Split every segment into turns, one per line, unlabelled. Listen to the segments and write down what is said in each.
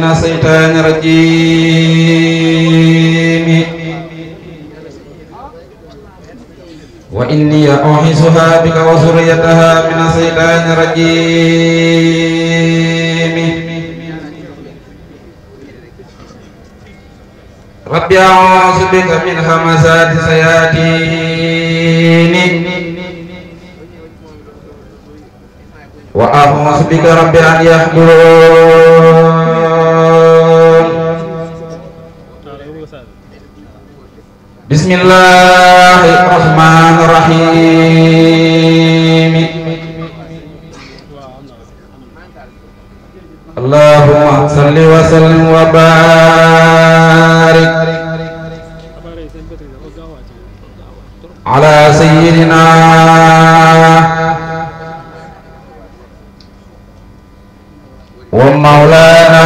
minasaitan rajim wa inni ya'uhisuha bika wa suryataha minasaitan rajim rabbi a'uzubika min hamasati sayatin
wa a'uzubika rabbi an yahdurun
Bismillahirrahmanirrahim Allahumma salli wa sallim wa barik
ala sayyidina wa maulana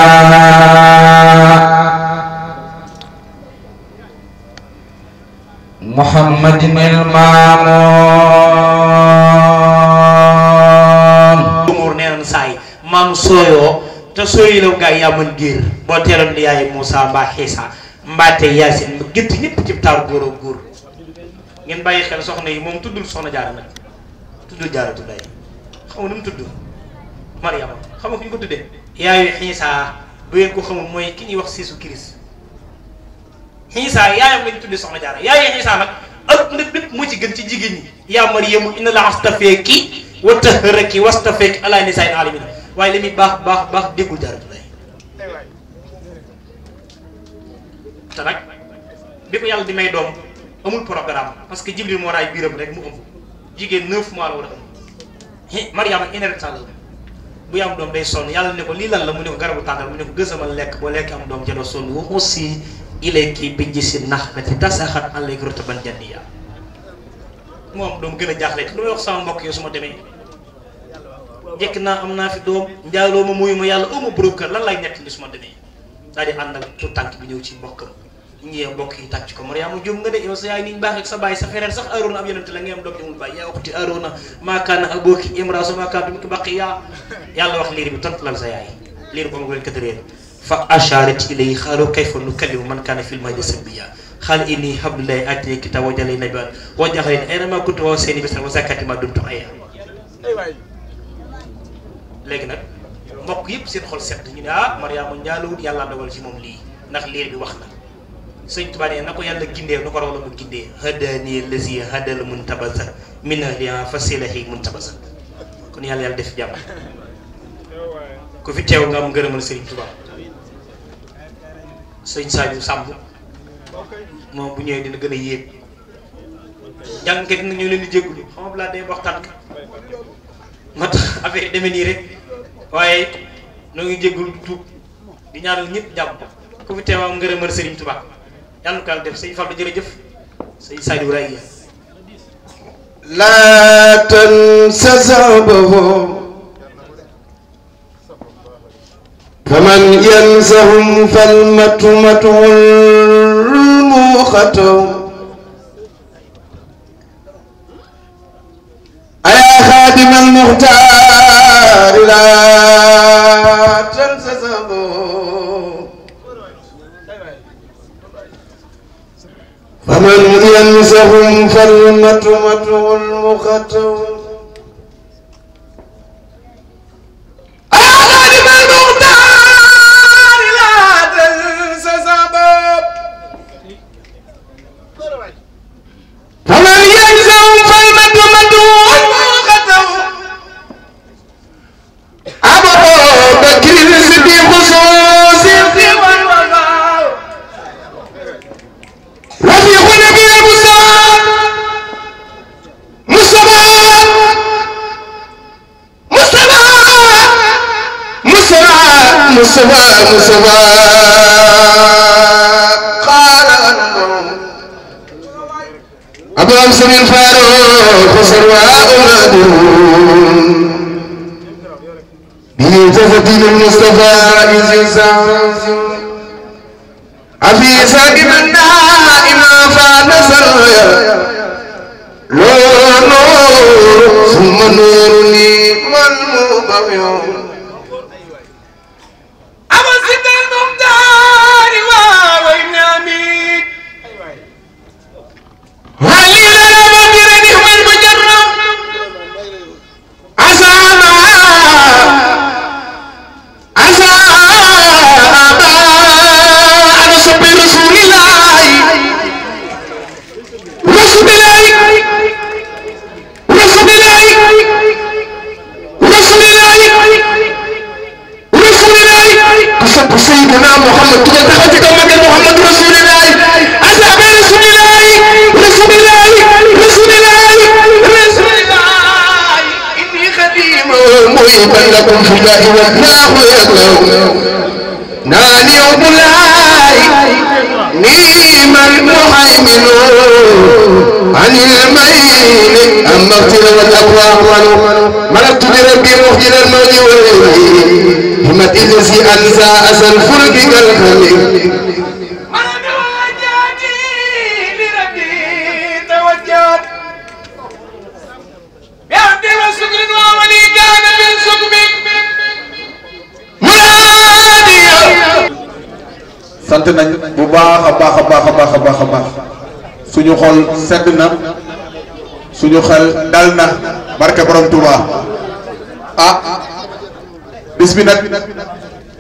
mamon umur neen say mam soyo to soyilaw ga yaman dir bo teram li yaay moussa ba xisa mbate yasin mu ñep ci tar goro ak ngeen baye xel soxna yi mom tuddul soxna jaara nak tuddul jaara tudday xamu nu mu tudd mariama xam nga fuñ ko tudde yaay xiisa bu ko xamul mooy ki ñuy wax siisu kiris xiisa yaayam lañ tuddee soxna jaara yaayu hisa nag mu ci gën ci jigéen ya yaa inna la astafeki wa tahraki wastafeeki ala nisaa'il alamina waaye li muy bax bax baax déggul jaaratu lay te nag bi ko yàlla di may dom amul programme parce que jibril mo ray biram rek mu am jigéen 9 mois la war a ëmb inna inerta la bu yam dom day son yalla ne ko li lan la mu ne ko garabu tagal mu ne ko gësamal lek bo lek am doom jëloo sonn waxu si ilayki bi ci tasaxat an lay rotaban moom doomu gën a jaaxle te lu may wax sama mbokk yi su ma demee jekk naa am naa fi doom njaaloo ma muyu yàlla oo ma borom kër lan lay nekk ni su ma demee daal ànd ak tout tànk bi ñëw ci mbokk yi tàcc ko Mariama Jóob nga de yow sa yaay niñ baax ak sa baay sa frère sax Aaroona ab yonente la nga am doom jëmul baay yaa waxti Aaroona maa kaana abooki imraa sa maa kaana mi ki baqi yaa yàlla wax liir bi tontu lan sa yaay liir ko ma ko leen fa asharat ilayhi xaalu hal ini hablillah ati kitaba wajalay nabiyan wajahalin aynama kuntu wa sayni bisra wa zakati ma dumtu hayya léegi nag mbokk yëpp seen xol sedd ñu ne ah Mariama njaalowut yàlla dogal ci moom lii ndax liir bi wax na sëñ Tuubaa ne na ko yàlla gindee nu ko raw la mu gindee hadani lazi hadal muntabaza min ahliha fasilahi muntabaza kon yàlla yàlla def jàmm ku fi teew nga am ngërëmal sëriñ Tuubaa sëñ Sadio Samb moom bu ñëwee dina gën a yéeg jàngkat yi nag ñu leen di jégalu xam nga laa day waxtaan ka moo tax affaire demee nii rek waaye ñoo ngi jégalu tuub di ñaanal ñëpp jàpp ku fi teewaam ngërëmal Serigne Touba yàlla na ko def sëñ Fallou jërëjëf sëñ Saliou Raye. laa tansa
مختوم
أيا خادم المختار لا تنسى
فمن ينسهم فالمتمة المختوم
الفائز عفيفا بمناء
ما فات سريا
لو
نور ثم نور لي والمبغي
الهدى والنار يطلو ناني وبلاي نيم المهيمن عن المين أما اغتنى
والأقوى ملكت بربي مخجل الموت والإلهي همت الذي أنزى أزل فرقك
الخليل
sant nañ bu baaxa baaxa baaxa baaxa baaxa baax a suñu xol sedd na suñu xel dal na barke borom touba ah bis bi nag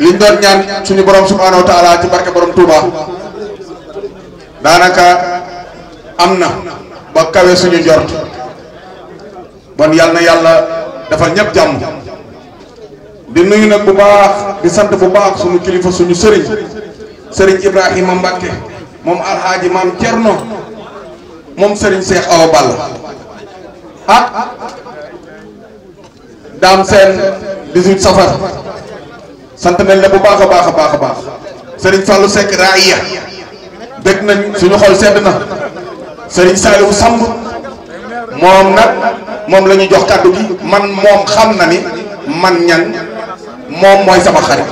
liñ doon ñaan suñu borom subhanahu wa taala ci barke borom touba danaka amna ba kawé suñu jort bon yàlla yalla dafa ñep jamm di nuyu nak bu baax di sant bu baax suñu kilifa suñu serigne sëriñ Ibrahima Mbacke moom alxaaji maam Cerno moom sëriñ Cheikh Awa Balla ah daam seen 18 safar sant nañ la bu baax a baax a baax a baax sëriñ Fallou Seck raaya dégg nañ suñu xol sedd na sëriñ Saliou Samb moom nag moom la ñu jox kàddu gi man moom xam na ni man ñan moom mooy sama xarit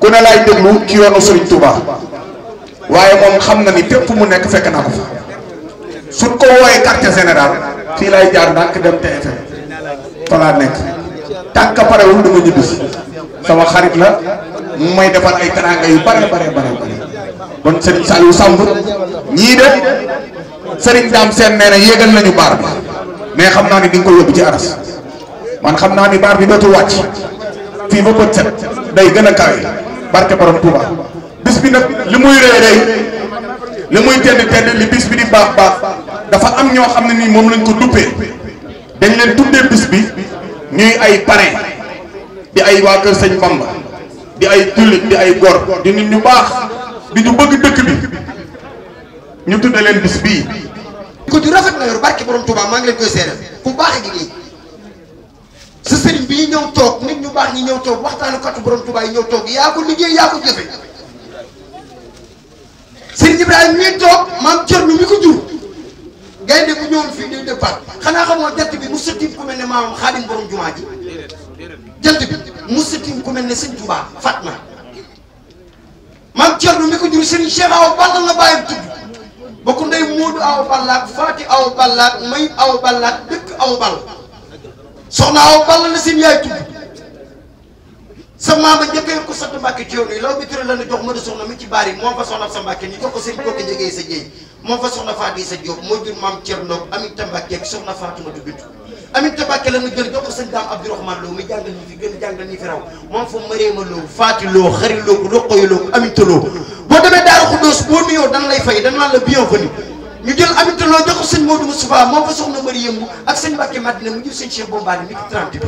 ku ne laay déglu ci yoonu Serigne Touba waaye moom xam na ni fépp mu nekk fekk naa ko fa suñ ko wooyee quartier général fii laay jaar ndànk dem TFM fa laa nekk tànk parewul dama ñibbi sama xarit la mu may defar ay teraanga yu bare bare bare bare bon Serigne Saliou Samb ñii de Serigne Dame Sène nee na yéegal nañu baar bi mais xam naa ni di nga ko yóbbu ci aras man xam naa ni baar bi dootul wàcc fii ba bët set day gën a kawe barke borom Touba bis bi nag li muy rëy rëy li muy tedd tedd li bis bi di baax baax dafa am ñoo xam ne nii moom lañ ko duppee dañ leen tuddee bis bi ñuy ay pare bi ay waa kër sëñ Bamba di ay jullit di ay gor di nit ñu baax bi ñu bëgg dëkk bi ñu tuddee leen bis bii. ko ju rafet na yor barke borom Touba maa ngi leen koy seeral ku baax gi nii.
sa sëriñ bi ñëw toog nit ñu baax ñi ñëw toog waxtaanu katu borom Tuubaa yi ñëw toog yaa ko liggéey yaa ko jëfe sëriñ Ibrahima ñuy toog maam Thierno mi ko jur bu ñëwoon xanaa xamoo jant bi mu sëtiim ku mel ne maamam ne sëñ Tuubaa Fatma maam Thierno mi ko jur sëriñ Cheikh Awa Balla la bàyyam tudd bokk ndey Moodu Awa Balla ak Faati Awa Balla May Awa Balla dëkk Awa Balla soxna aw Balla la seen yaay tudd sa maama njëkkee ko sa Mbàkke ci yoon yi law bi tëral la na jox ma a soxna mi ci baar yi moom fa soxna sa Mbàkke ñu jox sa jéey moom fa soxna Fatou sa Diop moo jur maam Thierno Aminta Mbàkke ak soxna Faatumata Bintu Aminta Mbàkke la ñu jox ko sëñ Daam Abdourahmane Lo mi jàngal ñi fi gën a jàngal ñi fi raw moom fa Mariama Lo Faati Lo Xari Lo Roqoy Lo boo demee Daara Xuddoos boo nuyoo dan lay fay dan naan la bienvenue ñu jël amit loo jox ko sëñ Modou Moustapha moom fa soxna Mari yëngu ak sëñ Mbacke Madina mu jur sëñ Cheikh Bombali mi ci 30 bi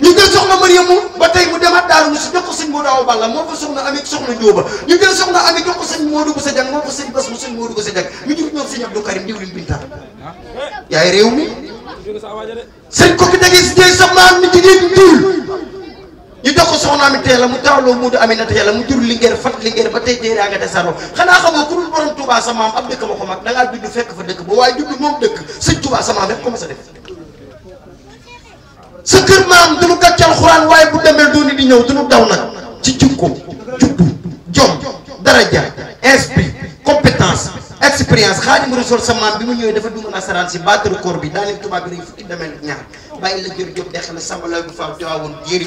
ñu jël soxna Mari yëngu ba tey mu demaat Daaru Musi jox ko sëñ Modou Awa Balla moom fa soxna amit soxna Njóoba ñu jël soxna amit jox ko sëñ Modou Boussa Diagne moom fa sëñ Bass mu sëñ Modou Boussa Diagne mi jur ñoom sëñ Abdou Karim diwlin Binta yaay réew mi sëñ ko ki da ngay si jël sa maam mi jigéen ñi ñu jox ko soxnaam it teel a mu taawloo muudu aminata yàlla mu jur lingeer fat lingeer ba tey teeraa nga desaroo xanaa xamoo ku dul borom Touba sa maam ab dëkk ma ko mag da ngaa judd fekk fa dëkk ba waaye judd moom dëkk sëñ Touba sa maam rek ko ma sa def sa kër maam du nu gàccal xuraan waaye bu demee dooni di ñëw du nu daw nag ci jikko juddu jom daraja esprit compétence expérience Xaadimu Rasuul sa maam bi mu ñëwee dafa dugg nasaraan si battre corps bi daaneel tubaab bi dañuy fukki demel ñaar la jër Diop dexe la Samba Laye bu Fall Tiwaawoon Jéeri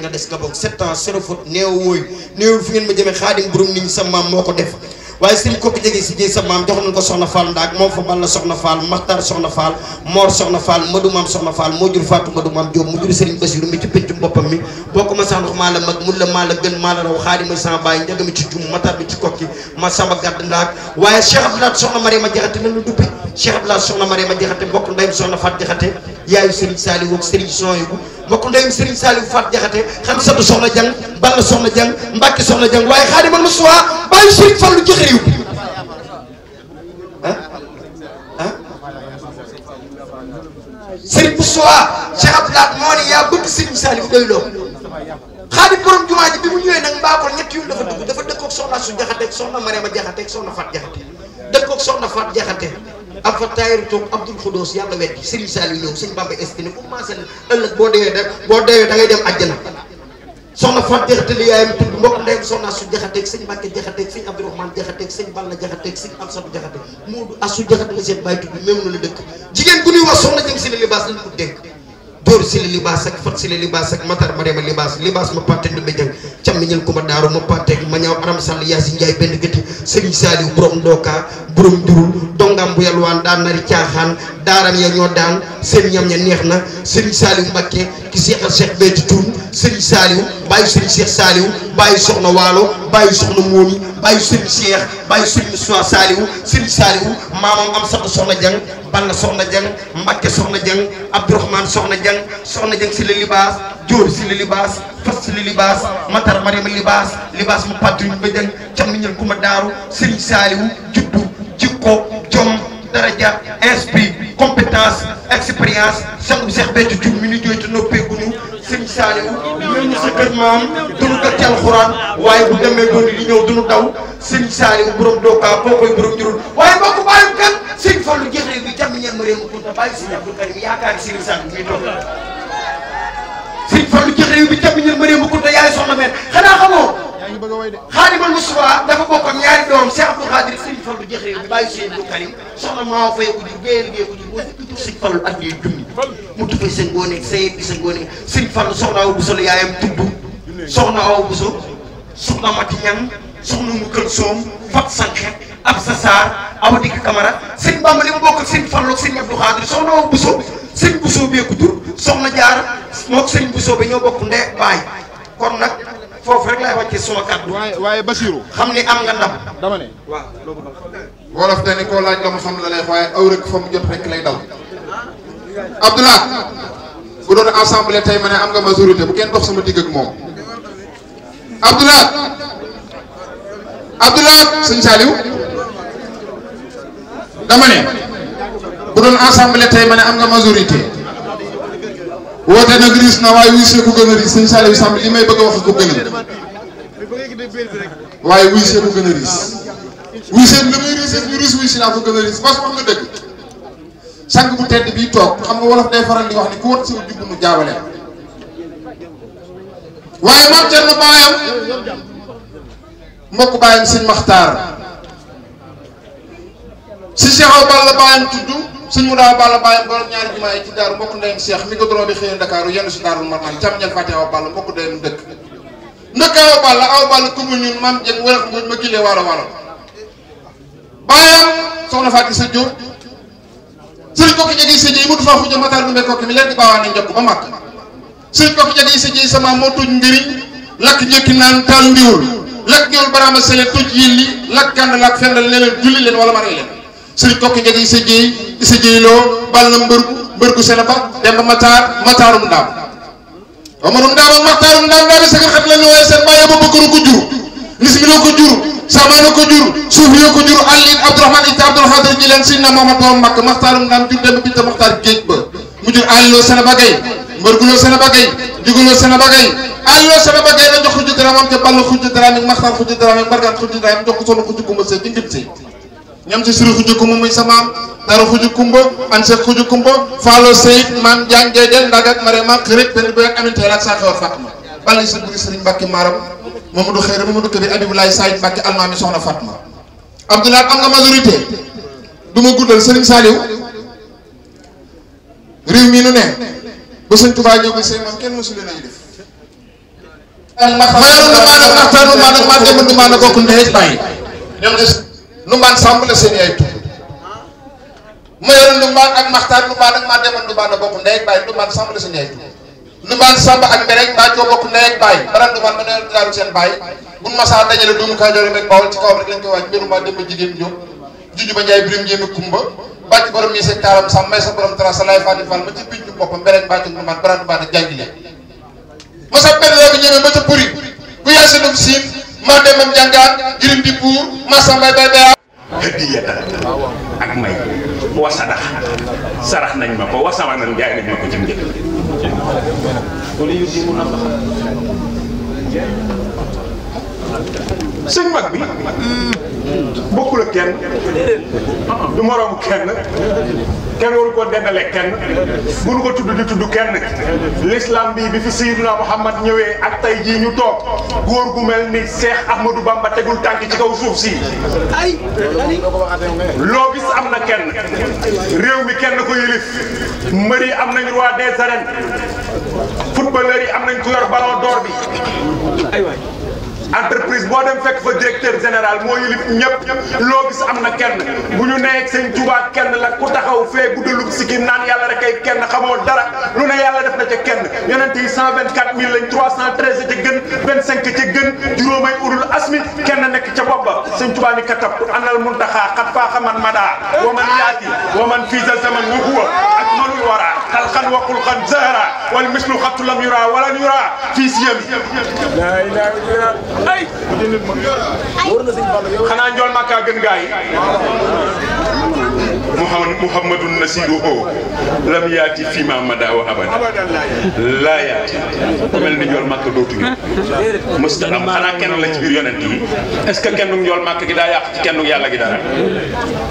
nga des Gabon sept ans zéro faute néew wooyu néew fi ngeen ma jëmee Xaadim borom nit ñi sa maam moo ko def waaye sëriñ ko jege si jëy sa maam jox nañ ko soxna Fall ndaak moom fa Balla soxna Fall Maxtar soxna Fall Mor soxna Fall Madou Maam soxna Fall moo jur Fatou Madou Maam Diop mu jur sëriñ Basiru mi ci péncum boppam mi boo ma sax ndox maa la mag mun la maa la gën maa la raw xaari may sama bàyyi njagami ci jum matar bi ci kokki ma samba gàdd ndaak waaye Cheikh Abdoulaye soxna Mariama Jaxate la lu duppe Cheikh Abdoulaye soxna Mariama Jaxate mbokk ndeyam soxna Fat Jaxate yaayu Serigne Saliou ak Serigne Soyibou mbokk ndeyam Serigne Saliou Fat Jaxate xam satu soxna jang balla soxna jang mbàkki soxna jang waaye xaari man mu suwaa bàyyi Serigne Fallou jëxëriw
Serigne Bousso
Cheikh Abdoulaye moo ne yaa bëgg Serigne Saliou xaadim borom jumaa ji bi mu ñëwee nag mbaa ko ñett yu dafa dugg dafa dëkkoog soxna su jaxateeg soxna soxna Fat jaxate jaxate am fa taayir da ngay dem àjjana soxna Fat jaxate li yaayam tudd mbokk ndeyam soxna su jaxateeg sëñ Mbàkke jaxateeg sëñ Abdourahmane jaxateeg sëñ Balla jaxateeg sëñ Amsatu jaxate Moodu Asu jaxate la seen bàyyi tudd même nu la dëkk jigéen bu ñuy wax soxna jëm si ne libaas lañ ko dóor si la libaas ak fat si la libaas ak matar ma dema libaas libaas ma pàtte ndumbe jang càmmiñal kuma daaru ma pateeg ma ñaaw aram sàll yaa si njaay benn gëti sëriñ saaliw borom ndooka borom njurul dongam bu yalwaan daan nari caaxaan daaram ya ñoo daan seen ñam ña neex na sëriñ saaliw mbakke ki seexal seex bee ci tuun sëriñ saaliw bàyyi sëriñ seex saaliw bàyyi soxna waalo bàyyi soxna moomi bàyyi sëriñ seex bàyyi sëriñ soi saaliw sëriñ saaliw maamam am sax soxna jang balla soxna jang mbakke soxna jang abdourahman soxna jang soxna jang si la Matar Mariama libaas libaas mu pattuñ bëjëng cam niñal kuma daaru Serigne Saliou juddu jikko jom daraja esprit compétence expérience sangu Seex Béthio Thioune mi ñu jooytu noppeeguñu Serigne Saliou ñu sa kër maam duñu gàc ci alxuraan waaye bu demee doon li ñëw duñu daw Serigne Saliou borom dookaa koo koy borom njurul waaye mbokk bàyyi kan Serigne Fallou jeex bi cam niñal ma bàyyi Serigne Abdou Karim yaakaar Serigne Saliou muy sëñ Fallu ci réew bi jàpp ñun mënee mu kunta yaay soxna meen xanaa xamoo xaadimal Mustafa dafa bokk ak ñaari doom Cheikh Abdou Khadir sëñ Fallu jeex réew bi bàyyi sëñ Abdou Karim soxna maa ab sa saar aw dikk kamara sëñ Bamba li mu bokk ak sëñ Fallu ak sëñ Abdou Khadir soxna aw Buso sëñ bu soobee ku soxna jaar mook sëñ bu soobee ñoo bokk ndee
baay kon nag foofu rek laay wàcce suma kàddu. waaye waaye Basiru. xam ni am nga ndam. dama ne waaw. wolof de ni koo laaj dama la lay waaye aw rek bu doon assemblée tey ne am nga majorité bu kenn dox sama digg moom. Abdoulaye Abdoulaye sëñ Saliou dama ne. bu doon assemblée tey ma ne am nga majorité woote nag riis na waaye wuy see ku gën a riis sëñ Saliou Samb li may bëgg a wax ko gën a waaye a riis wuy seen la muy riis ñu riis wuy si laa ko gën a riis parce que nga dëgg sang bu tedd bii toog xam nga wolof day faral di wax ni ku wat siw jubbu nu jaabale waaye maam Cerno baayam mbokk baayam sëñ Maxtaar si Cheikh Awa Balla baayam tudd suñ mu daa balla bàyyi borom ñaari ci dar mbok ndeyam Cheikh mi ko doon di xëyee Dakar yenn si daarul Marnaan cham ñal fàtte aw balla mbokk ndeyam dekk naka aw balla aw ku mu ñun maam jeg wala muñ ma kilee waro waro bayam soxna Fatou sa Diop sëriñ ko jegi jadi jëy mu du faa xujja matar ko ko mi leen di baawaan ne njokk ba màkk sëriñ ko jegi sa sama mo tuñ ngëriñ lak njëkki naan taal ndiwul lakk ndiwul baraama sele tuj yilli lak kan lak fenn leen julli leen wala mare leen sëriñ kokki njëkk yi sa jéy yi sa jéyloo bal na mbër mbër gu sene ba dem ba mataar mataarum ndaam amarum ndaam ak mataarum ndaam daal sa nga xam seen bàyyi ba bëkkëru ko jur lismiloo ko jur samaano ko jur suuf yoo ko jur allin abdourahman ita abdoulxadar ñi leen sin na mooma borom mbàkk maxtaarum ndaam jur dem binta maxtaar géej ba mu jur alliloo sene ba gay mbër guloo sene ba gay juguloo sene ba ba gay na jox xujju daraam am ca ball xujju daraam yi maxtaar xujju daraam yi mbargaan xujju daraam jox ko sonu xujju gumba sey di ngib ñam ci suru xuju kumba muy samaam dara xuju kumba an seex xuju kumba faalo seyit maam jaan jeejeel ndaag ak mare ma xirit benn booy ak aminteel ak saa xewar Fatma bala sa buri sëriñ Mbàkke maaram Mamadou Xeyri Mamadou Kabir Abibulaay Sayid Mbàkke almaami soxna Fatma Abdoulaye am na majorité du ma guddal sëriñ Saliou réew mi nu ne ba sëñ Tuubaa ñëw ba sëy moom kenn mosu leen ay def maanaam maanaam waxtaanu maanaam maa demandu maanaam bokk ndeej bàyyi ñoom des Ndoumbane Samb la seen yaay tudd ma yore Ndoumbane ak Maxtaar Ndoumbane ak maa demoon Ndoumbane bokk ndey ak baay Ndoumbane Samb la seen yaay tudd Ndoumbane Samb ak Mbere ak Mbacco bokk ndey ak baay bara Ndoumbane ma ne daalu seen baay bu nu ma saa dajale doomu Kajoor rek bawal ci kawam rek lañ koy waaj mbirum ma dem ba jigéen jóg juju ba Njaay birim jéeme kumba bàcc borom ñi seen taaram sam may sa borom tara sa laay fàtte fan ma ci biir ñu boppam Mbere ak Mbacco Ndoumbane bara Ndoumbane ak jàngile ma sa benn loo bi ñëwee ba ca Buri ku yaay sa dugg siin maa demam jàngaat jirim di buur ma sambay bay bay hadiyatan ak may wa sadax sarax
nañ ma ko wa samanan jaay nañ ma ko ci njëkk sëñ mag bi bokkul ak kenn du moroomu kenn kenn waru ko dendale kenn bu nu ko tudd di tudd kenn l'islam bi bi fi Seydina Muhammad ñëwee ak tey jii ñu toog góor gu mel ni Cheikh Ahmadou Bamba tegul tànk ci kaw suuf si ay
loo gis am na
kenn réew mi kenn ko yëlif mbër am nañ roi des arènes footballeurs yi am nañ ku yor ballon d'or bi entreprise boo dem fekk général moo yilif ñëpp loo gis am na kenn bu ñu nee seen Tuubaa kenn la ku taxaw fee guddalub sikki naan yàlla rek ay kenn xamoo dara lu ne la def na ca kenn yonent yi 124000 lañ 313 ca gën 25 ca gën juróomay urul asmi kenn nekk ca bopp ba seen Tuubaa ni katab anal muntaxaa xat faa xaman madaa waman yaati waman fii sa zaman wa huwa ak manul wara xalxan wa xulxan zahra wal mislu xattu lam yura walan yura fii siyami ay. wóor na sëñ Fallou yow xanaa njool makka gën gaa yi. muhammadun nasiruhu lam yati fi ma madaw abada abadan la yati mel ni yol makka dotu ñu mustaqam ala kenn la ci bir yonenti est ce que kenn ñol makka gi da yaq ci kenn yalla gi dara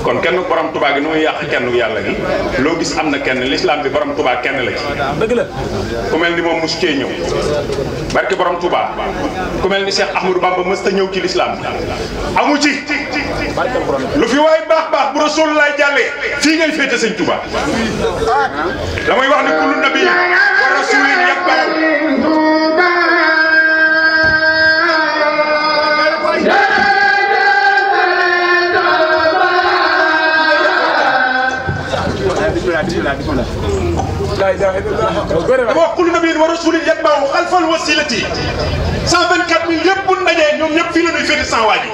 kon kenn borom tuba gi nu yaq kenn yalla gi lo gis amna kenn l'islam bi borom tuba kenn la ci deug la ku mel ni mom musse ñew barke borom tuba ku mel ni cheikh ahmadou bamba musse ñew ci l'islam amu ci lu fi way bax bax bu rasulullah jalle fii ngay féete sëñ Touba damay wax ne kullu nabi wa rasulin yabbaru لا اله الا الله وقل نبي ورسول يتبع خلف الوسيله 124 000 yëpp bu ndajee ñoom ñëpp fii la ñuy féete sans waaji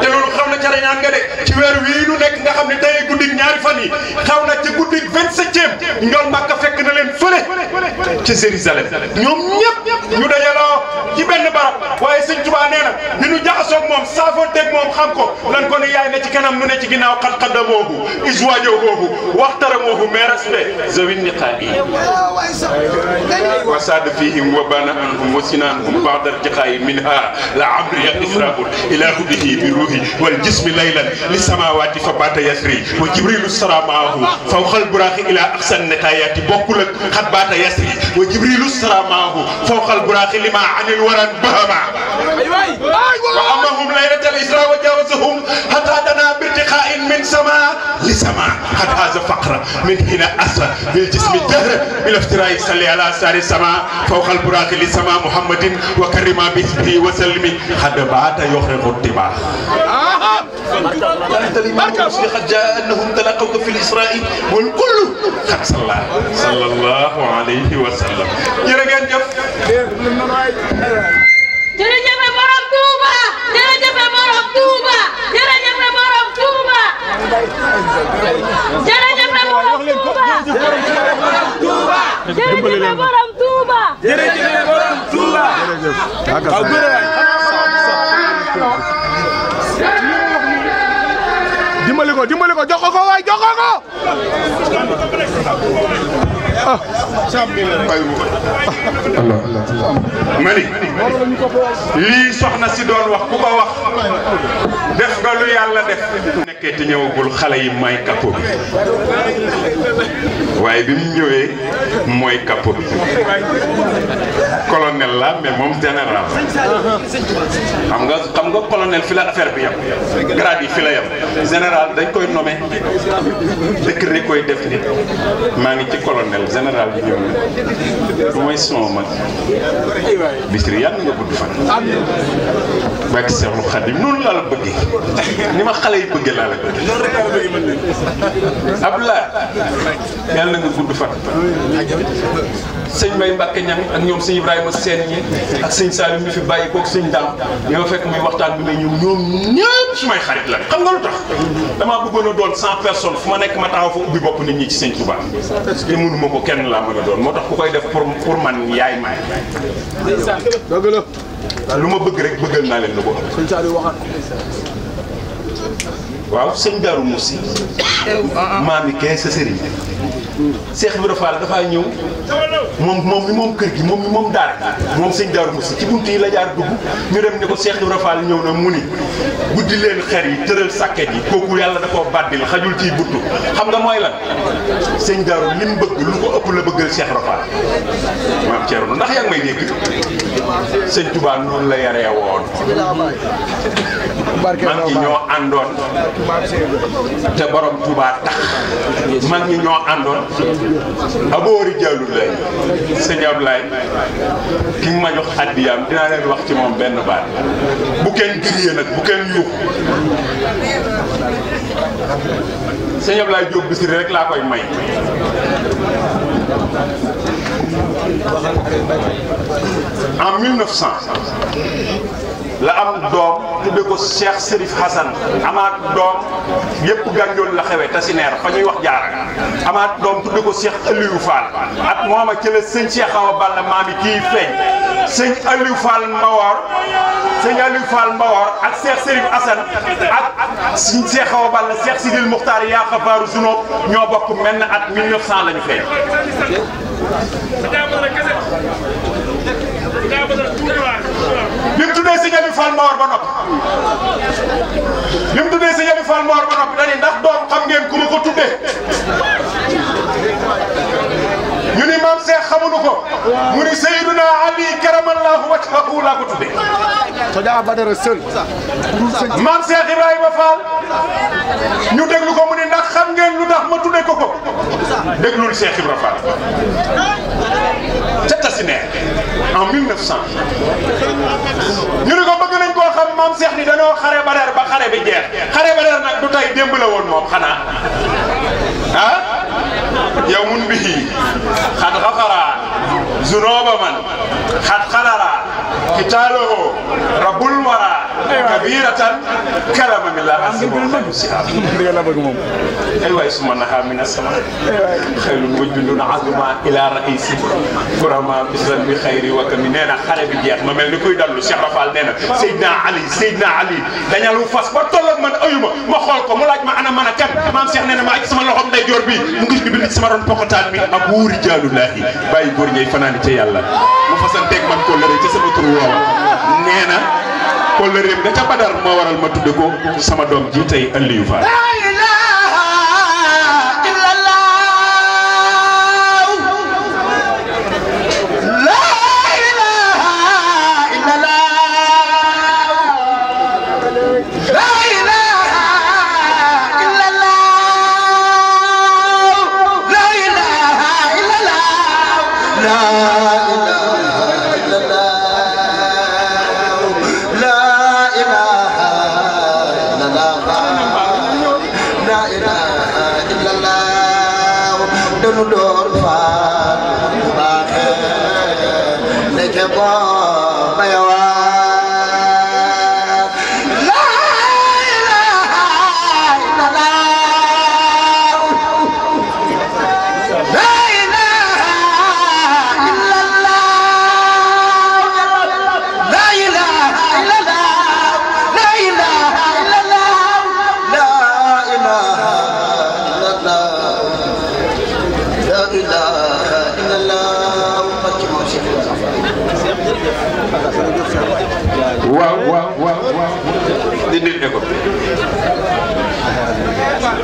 te loolu xaw na ca rañaan nga de ci weer wii nu nekk nga xam ne tey guddig ñaari fan yi xaw na ci guddig 27eem ñoom Màkka fekk na leen fële ci Jérusalem ñoom ñëpp ñu dajaloo ci benn barab waaye sëñ Tuubaa nee na ni ñu jaxasoog moom saafoonteeg moom xam ko lan ko ne yaay ne ci kanam nu ne ci ginnaaw xat-xadda moogu iswaajo googu waxtara moogu meeras de zawin niqaabi wasaad fihim wa bana anhum wa sinanhum الارتقاء منها لعمري إسراب اله به بروحي والجسم ليلا للسماوات فبات يسري وجبريل السرى معه فوق البراق إلى أقصى النقايات بقول قد بات يسري وجبريل السرى معه فوق البراق لما عن الورد بهما وأمهم ليلة الإسراء وجاوزهم حتى دنا بارتقاء من سماء لسماء قد هذا فقر من هنا أسرى بالجسم الدهر بالافتراء صلي على سار السماء فوق البراق لسماء محمد وكان karima bi fi wasalmi khad baata yukhri khutiba
Jerejeme borom Touba Jerejeme borom Touba
Jerejeme borom Touba haka sa
dimbali ko dimbali ko jox ko ko waay jox
soxna si doon wax ku ko wax def nga lu nekkee te ñëwagul xale yi may kapp bi waaye bi mu ñëwee mooy kapp bi colonel la mais moom général xam nga xam nga colonel fi la affaire bi yam grade yi fi la yam général dañ koy nommé décret koy def nit maa ngi ci colonel général bi ñëw na mooy son mag Bichri yàlla nga gudd fan. bàkki Seexul Xadim noonu laa la bëggee ni ma xale yi bëggee laa loolu rek laa bëgg mën leen Abdoulaye yàlla na nga gudd fan sëñ may Mbacke ñam ak ñoom sëñ Ibrahima Seen ñi ak sëñ Salim mi fi bàyyi koog sëñ Dame li fekk muy waxtaan bi may ñëw ñoom ñëpp su may xarit la xam nga lu tax damaa bëggoon a doon cent personnes fu ma nekk ma taxaw fa ubbi bopp nit ñi ci sëñ Touba te mënu ko kenn laa mën a doon moo tax ko koy def pour pour man yaay maay dëgg la lu ma bëgg rek bëggal naa leen lu ko sëñ Salim waxaat waaw sëñ Darou Moussi. maam yi kee sa sëriñ Cheikh Ibrahima Fall dafa ñew mom mom mi moom kër gi mom mom moom daar gi moom sëñ Daaru ci buntu yi la jaar dugg ñu dem ne ko Cheikh Ibrahima Fall ñew na muni guddi leen xer yi tëral sàkket yi koku yalla da koo bàddil xajul ci buttu xam nga moy lan seigne daru lim bëgg lu ko ëpp la bëggal Cheikh Ibrahima Fall
ma maam Thierno ndax
yaa may dégg seigne Touba non la yaree woon mag ñi ñoo àndoon te borom Touba tax mag ñi ñoo àndoon aboori jaalu lay sëñ ki nga ma jox addiyaam dinaa leen wax ci moom benn baat bu kenn griyee nag bu kenn yuux sëñ Ablaye Diop rek laa koy may en 1900 la am doom tudde ko Cheikh Serif Hassan amaat doom yépp gànjool la xewe tasineer fa ñuy wax jaar amaat doom tudde ko Cheikh Aliou Fall at mooma ci la sëñ Cheikh Awa Balla maami kii feeñ sëñ Aliou Fall Mbawor sëñ Aliou Fall Mbawor ak Cheikh Serif Hassan ak sëñ Cheikh Awa Balla Cheikh Sidil Muxtaar yaa xafaaru zunóob ñoo bokk menn at 1900 la ñu feeñ tuddee sëñ Aliou Fall Mawar ba noppi bi mu tuddee sëñ Aliou Fall Mawar ba noppi dañuy ndax doom xam ngeen ku ma ko tuddee ñu ni maam Cheikh xamuñu ko ni Seydina Ali karamallahu wajhahu ko. ndax xam ngeen lu tax ma tudde ko ko déglul Cheikh Ibra Fall ca Tassinère en 1900 ñu ne ko bëgg nañ koo xam maam Cheikh ni dañoo xare Badar ba xare bi jeex xare Badar nag du tey démb woon moom xanaa ah yow mun bihi xat xafaraa zunooba man xat xalaraa kitaaloo rabbul waraa كبيرة كرما من الله عز وجل أيوة اسمناها من السماء خير وجل عظما إلى رئيسي كرما بسلم خير وكمنين خرب جيخ ما ملني كوي دلو شيخ رفال نينا سيدنا علي سيدنا علي دانيا لو فاس با تولك من أيوما ما خولكو ملاج ما أنا مانا كان مام شيخ نينا ما أجسما لهم داي جور بي مغيش بي بلد سمارون بوكتان مي أبو رجال الله باي بور نيي فناني تي يالا مفاسان تيك من كولري نينا kóllëreem ga ca Badar moo waral ma tudd ko sama doom ji tey Aliou Fall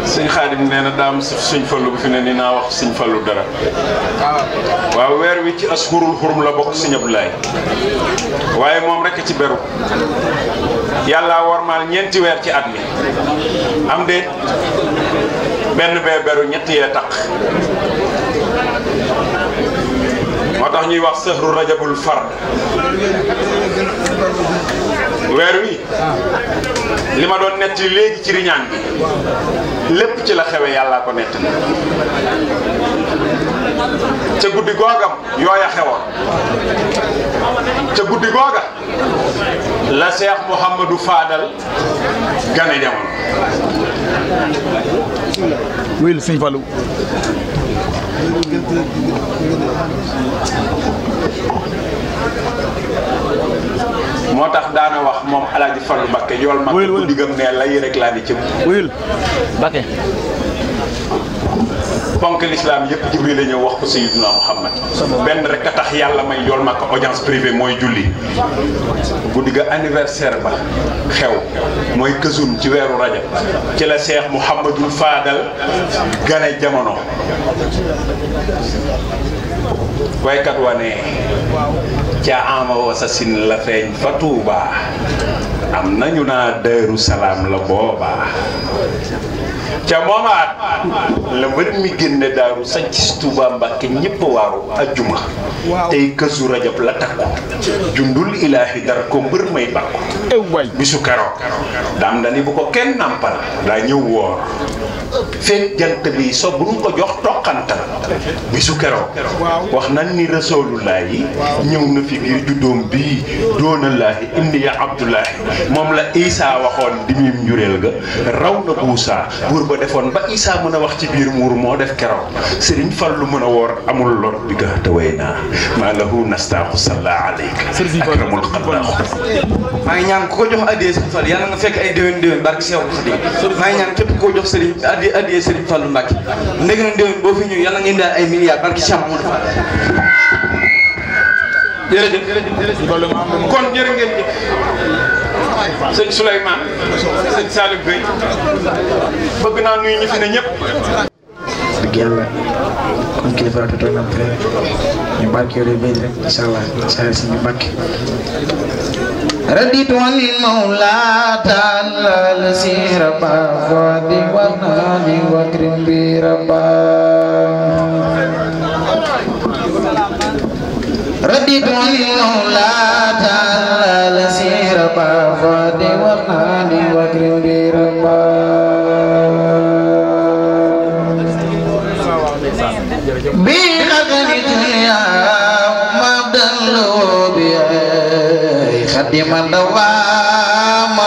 sëñ xaadim nee na daam wi ci la bokk waaye moom rekk ci beru yàlla warmaal ñeenti weer ci at mi am de benn bee beru ñetti yee taq moo tax ñuy wax sëxru rajabul fard weer wi li ma doon nettali léegi ci riñaan bi lépp ci la xewe yàllaa ko nettali ca guddi googam yooya xewoon ca guddi googa la Cheikh Mouhamadou Fadal gane jamono wéyal sëñ moo tax daana wax moom alaaji Fallu Mbakke yool ma ko diggam ne lay rek laa di cëb wuyul ponk l'islam yëpp jibril la ñëw wax ko si sayyiduna muhammad benn rek a tax yàlla may yool ma ko audience privée mooy julli guddi ga anniversaire ba xew mooy kësum ci weeru rajab ci la seex muhammadul faadal gane jamono waykat wa ne ca ama wasasin la feeñ fa Tuuba am nañu naa Daaru Salaam la booba ca moomaat la mbër mi génne daaru sanc si Tuuba Mbàkke ñëpp waaru ajjuma tey kësu rajab la takku jundul ilaahi dara ko mbër eh, may bàkku bisu keroog daam dani bu ko kenn nàmpal daa ñëw woor fekk jant bi so bu ko jox toqantal bisu keroog wax nan ni rasulullah yi ñëw na fi biir juddoom bii doonallaahi indi ya abdullahi moom la isaa waxoon di miim ga raw na buusaa buur buur ba defoon ba Isaa mën a wax ci biir muur moo def keroog Serigne lu mën a woor amul lor bi ga taway naa maa lahu nastaaxu salla aleyka
akramul xallaaxu maa ngi ñaan ku ko jox addiyee Serigne Fallou yàlla nga fekk ay déwén déwén barke Seexul koo jox Serigne addi addiyee Serigne Fallou Mbacke ndég na déwén boo fi ñëw yàlla nga indi ay milliards barke Cheikh Mamadou
Fall jërëjëf sëñ Souleymane sëñ Saliou Gueye bëgg naa nuyu ñu fi ne ñëpp.
dëgg yàlla kon kilifa rafetoon na après ñu barkeelu béy rek incha allah saa si ñu barke.
رديت للمولى تعالى لسي ربا فادي ونادي وكرم بي ربا رديت للمولى تعالى لسي والمرفقات والآل وكرم بربا بغدر الدنيا مبدا لوبيا خدم دواما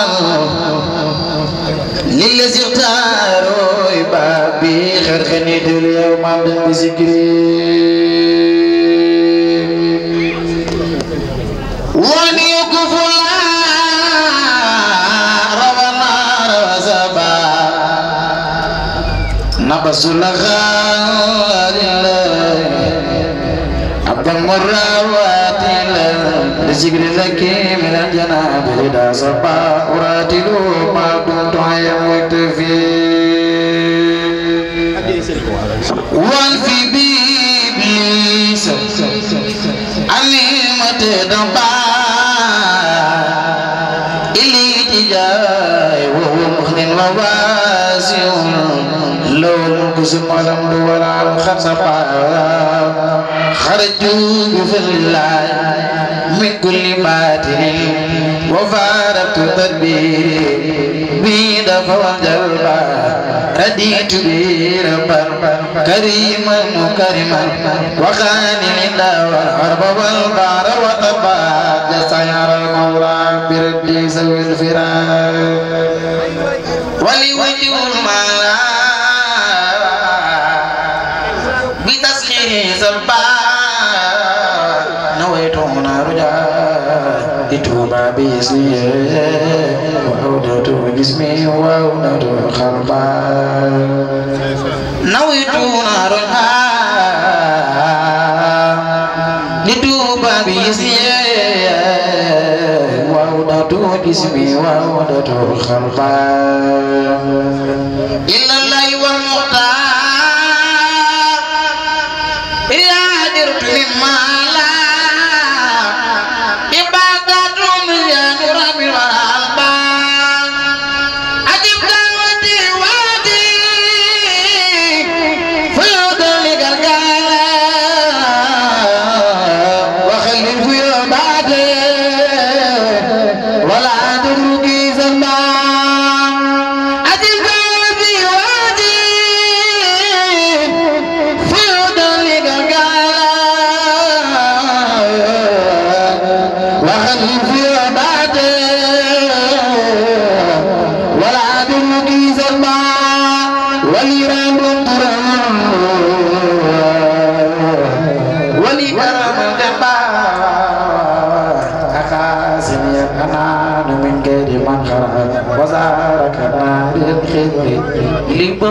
للذي اختاروا بابي خرخني اليوم مبدا بذكري rizqi laki min al-janab القدس ولم ولا خصبا خرجوا في الله من كل باطل وفارقت تدبيري بيد فوجلبا رديت به ربا كريما مكرما وخان لله والحرب والبار وطبا
لسير المولى بردي سوي الفراق
ولوجه الباء نويت هنا رجاء توبى باسمي وعودة جسمي وعودة خلقا نويت هنا رجاء لتوبى باسمي وعودة جسمي وعودة خلقا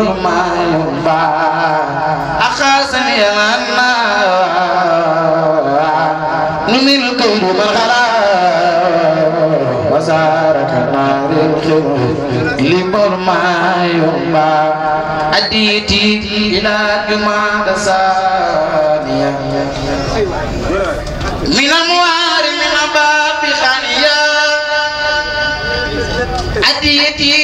ما ينفع أخاصني منا من الكون مرغلا وزارك نار الخير لمر ما ينفع أديتي إلى جمعة ثانية من أموار من أباب خانية أديتي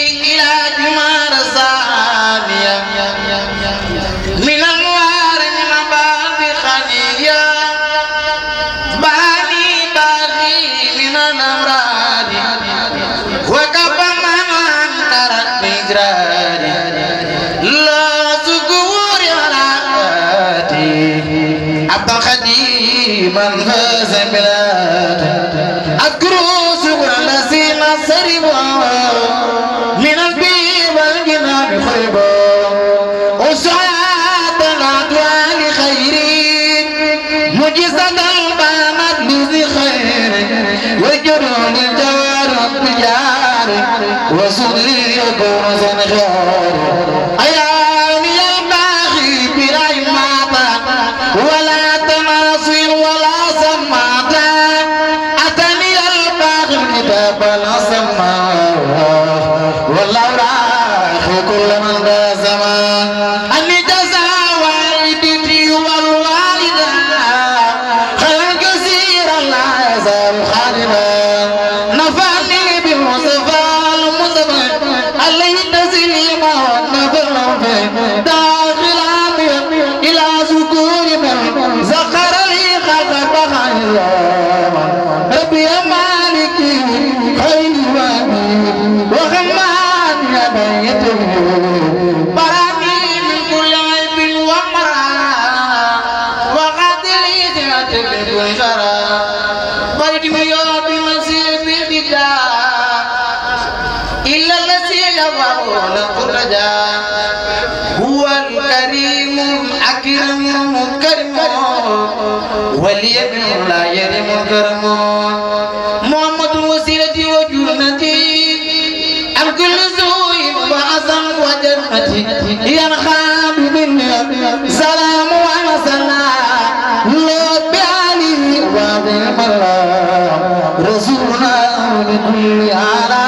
بعد المرة رزقنا من كل عنا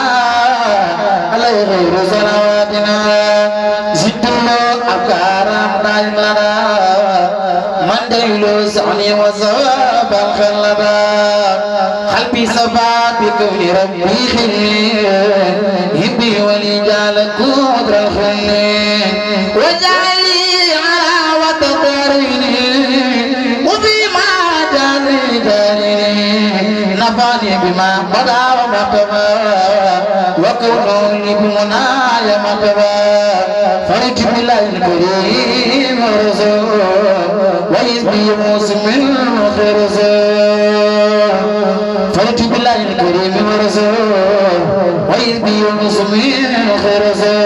علي غير زنواتنا زدنا أبكارا دائمنا من دلو زعني وزواب الخلدا قلبي سبات بكون ربي خير هبي ولي جالك قدر الخير وجعل بما قضى ومقضى وكونه لكمنا يمقضى فرج بالله الكريم الرزق وإذ موسم المخرز فرج الكريم الرزق وإذ موسم المخرز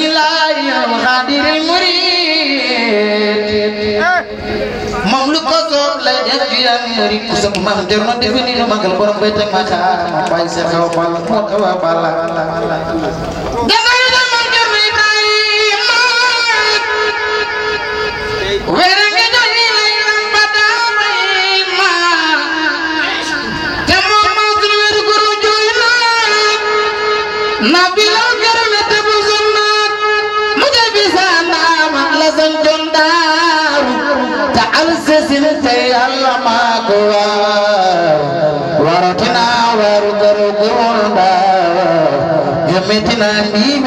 yori kusam ma der no defini no magal borom bay teg ma ca ma bay se xaw bal mo metti na nii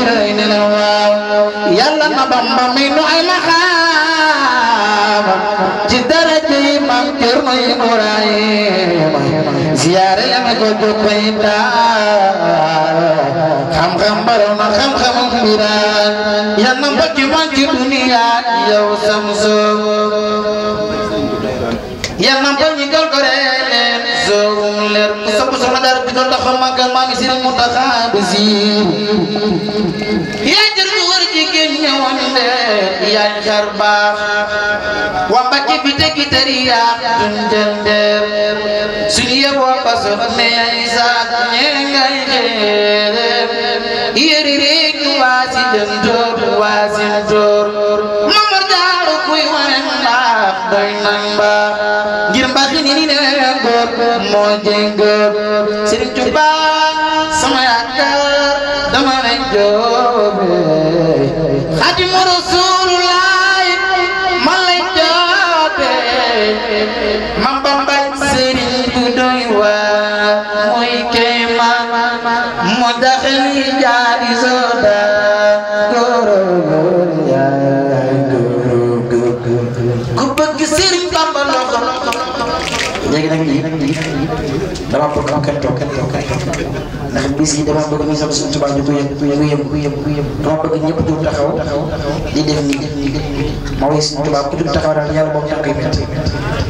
ci daraja yi maam Cerno Ibrahima ziyaare la ma ko jokkoo daal xam-xam baro na xam-xam mbiraan
yal na mbokk yi man ci duniya
yow taxal màggal maa ngi si mu taxaa ba siiw yaa jër ñu war jigéen ñëwoon leen yaa jar baax wa mbàcke bi tekki tëri yaa duñ jël ndeer suñu yeboo ba mamar
sama kër toog kër toog kër toog ndax bis yi dama bëgg ñu sax suñu tubaab ñu koy yëngu yëngu
yëngu yëngu yëngu dama bëgg ñëpp du taxaw di def nii def nii def nii ma woy suñu tubaab ku
du taxaw daal yàlla boobu tànk yi métti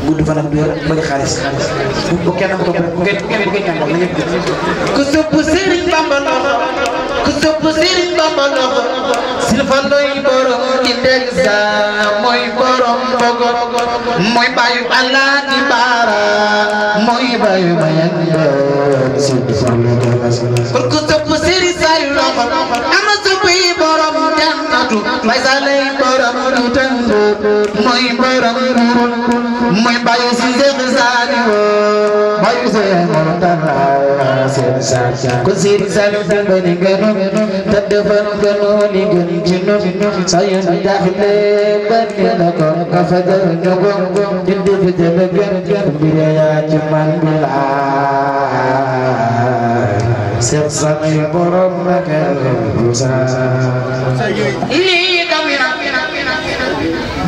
gudd fan ak du yor bëri xaalis bu kenn am topp rek bu ngeen bu ngeen ñaan ko na ñëpp ku
sëpp Sëriñ Bamba topp sëriñ Bamba loxo silfa looy borom ki dégg sa mooy borom bogo mooy bayu Allah di baara mooy bayu bayan kon ku topp sëriñ sayu loxo am na sopp yi borom jannatu may sa lay borom
du tëndu
mooy borom mooy bayu si Seex Saaliw bayu seen borom kusir salu dangane gënum te defar gënoo li gën jinum sayun daxle bëri na ko ka fa def ñogo dindi fi jëme gën
mbire yaa ci man bi laa
seet samay borom na kenn bu saa lii kam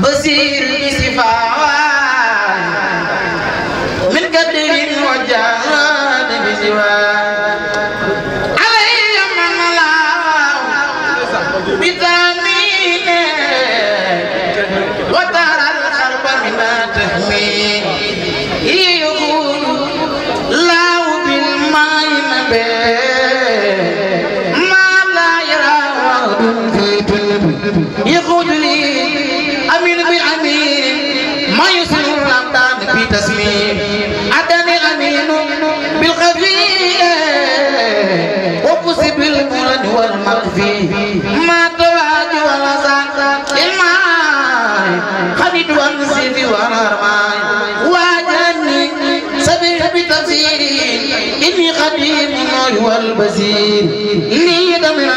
basir بالمرد والمكفي ما تواج والأسان الماء خلد وانسيف والأرمان واجهني سبيح بتفسير إني قديم النور والبصير إني دمر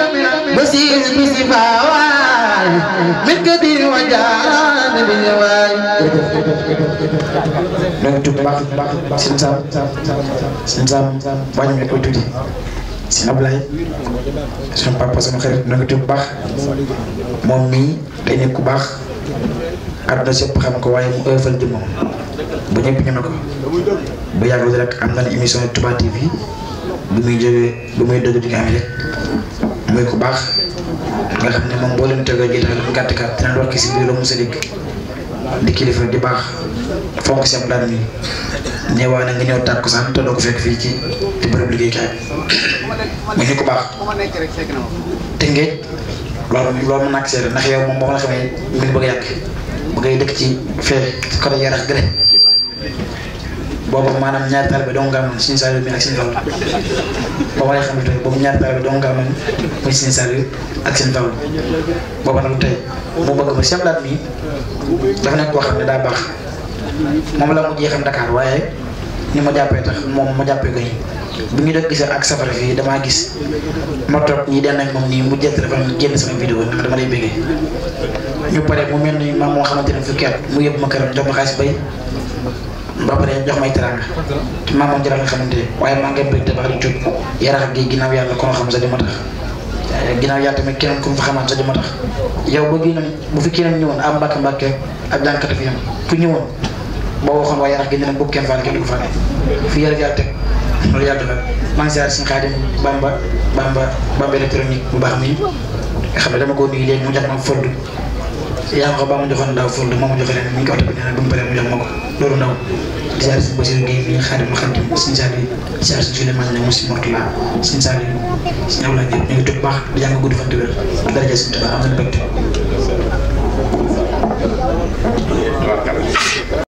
بصير بصفاوان من كدير وجعلان
بالنواي donc tu baax sin sam sin sam wàññi ko tuuti si Ablaye suñu papa sama xarit na ko di bu baax moom mii te nekk ku baax àdduna sépp xam ko waaye mu oyofal jëmmam ba ñëpp ñeme ko bu yàggul rek am na ne émission Touba TV bu muy jógee bu muy dëgg di rek muy ku baax nga xam ne moom boo leen tegoo jotaay lu mu gàtt gàtt dinañ wax ki si biir la mu sa dégg di kilifa di baax fonk si am daan mi ñëwaa na nga ñëw tàkkusaan te doo ko fekk fii ci di bërëb liggéeykaay mu ñu ko baax te ngéej loolu loolu mën naa ko seede ndax yow moom boo ko la xamee mi ngi bëgg a yàq bu ngay dëkk ci fee côté Yarax gële boobu maanaam ñaari taalibe dong nga am Sëriñ Saliou mi ak sin Fallu boobu lay xam tay bobu ñaar ñaari taalibe dong nga am muy Sëriñ Saliou ak sin Fallu boobu nak tay mu bëgg ba sem Laat mi dafa nek koo xam da bax mom la mu jeexam Dakar waye ni ma jappé tax mom ma jappé ko bi ñu doon gisee ak safara fi dama gis ma top ñi den nañ mom ni mu jël téléphone génn sama vidéo ni dama lay bëggee ñu paré mu melni ma mo xamanteni fu kër mu yëpp ma këram jox ma xaalis bay ba pare jox may teraanga maa moom jëlaat nga xamante ne waaye maa ngi bëgg tabax di jub yaraax gi sa di ma tax ginnaaw yàlla tamit ku mu fa xamaan sa di ma tax yow ba bu fi keneen ñëwoon am mbàkk mbàkk ak jànkatu fi ñëwoon ku ñëwoon boo waxoon waaye yaraax gi ne nag boobu kenn faale kenn du ko faale fi yaraax yàlla teg loolu yàlla defal maa ngi siyaar suñu xaadim bamba bamba bamba électronique bu baax mi nga xam ne dama ko nuyu léegi mu jox ma fodd yaa ko ba mu joxoon ndaw fóol moo ma joxe ren mu ngi ko waxtaan bi nee na ba mu paree mu jox ma ko loolu ndaw di jaar si Basiru Guèye mi xaadim ma xam ne suñu saal si Julé Magne mu si Mourtala suñu saal yi si ñaw laa ñu ngi tudd baax di jàng guddi fan
wér daraja suñu tubaab am na mbégte